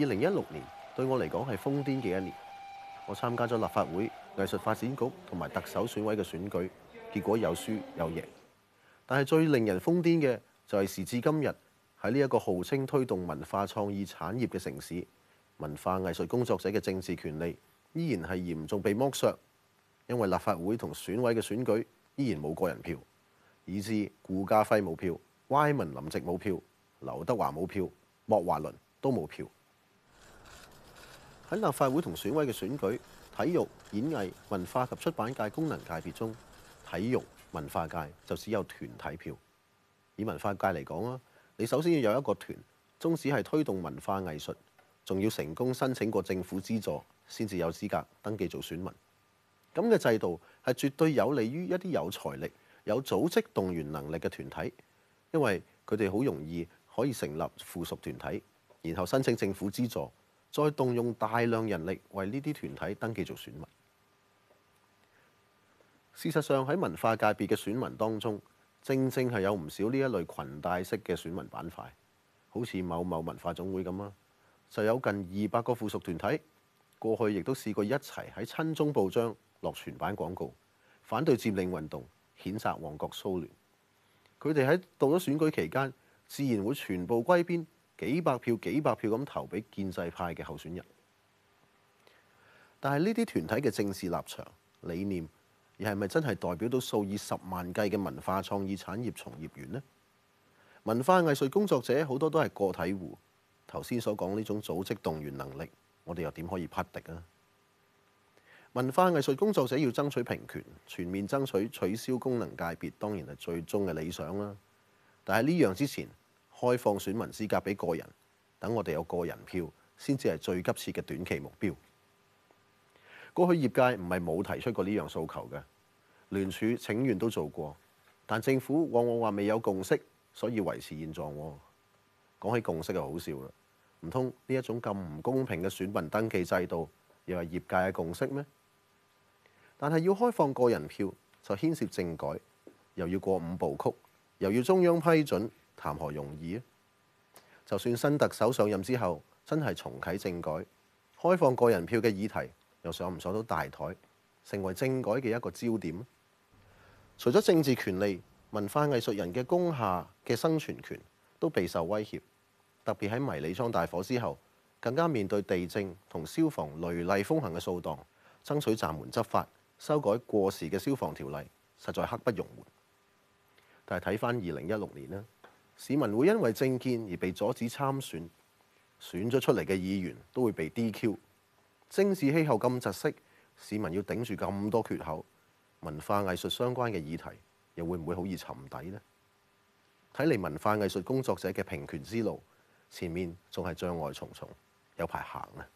二零一六年對我嚟講係瘋癲嘅一年。我參加咗立法會藝術發展局同埋特首選委嘅選舉，結果有輸有贏。但係最令人瘋癲嘅就係時至今日喺呢一個號稱推動文化創意產業嘅城市，文化藝術工作者嘅政治權利依然係嚴重被剝削，因為立法會同選委嘅選舉依然冇個人票，以致顧嘉煇冇票，偉文林夕冇票，劉德華冇票，莫華倫都冇票。喺立法會同選委嘅選舉，體育、演藝、文化及出版界功能界別中，體育、文化界就只有團體票。以文化界嚟講啊，你首先要有一個團，宗旨係推動文化藝術，仲要成功申請過政府資助，先至有資格登記做選民。咁嘅制度係絕對有利於一啲有財力、有組織動員能力嘅團體，因為佢哋好容易可以成立附屬團體，然後申請政府資助。再動用大量人力為呢啲團體登記做選民。事實上喺文化界別嘅選民當中，正正係有唔少呢一類裙帶式嘅選民板塊，好似某某文化總會咁啊，就有近二百個附屬團體，過去亦都試過一齊喺親中報章落全版廣告反對佔領運動，譴責旺角騷亂。佢哋喺到咗選舉期間，自然會全部歸邊。幾百票、幾百票咁投俾建制派嘅候選人，但係呢啲團體嘅政治立場、理念，而係咪真係代表到數以十萬計嘅文化創意產業從業員呢？文化藝術工作者好多都係個體戶，頭先所講呢種組織動員能力，我哋又點可以匹敵啊？文化藝術工作者要爭取平權，全面爭取取消功能界別，當然係最終嘅理想啦。但係呢樣之前，開放選民資格俾個人，等我哋有個人票，先至係最急切嘅短期目標。過去業界唔係冇提出過呢樣訴求嘅，聯署請願都做過，但政府往往話未有共識，所以維持現狀。講起共識就好笑啦，唔通呢一種咁唔公平嘅選民登記制度又係業界嘅共識咩？但係要開放個人票，就牽涉政改，又要過五步曲，又要中央批准。談何容易，就算新特首上任之後，真係重啟政改、開放個人票嘅議題，又上唔上到大台，成為政改嘅一個焦點？除咗政治權利，文化藝術人嘅工廈嘅生存權都備受威脅，特別喺迷你倉大火之後，更加面對地政同消防雷厲風行嘅掃蕩，爭取暫緩執法、修改過時嘅消防條例，實在刻不容緩。但係睇翻二零一六年呢市民會因為政見而被阻止參選，選咗出嚟嘅議員都會被 DQ。政治氣候咁窒息，市民要頂住咁多缺口，文化藝術相關嘅議題又會唔會好易沉底呢？睇嚟文化藝術工作者嘅平權之路，前面仲係障礙重重，有排行啊！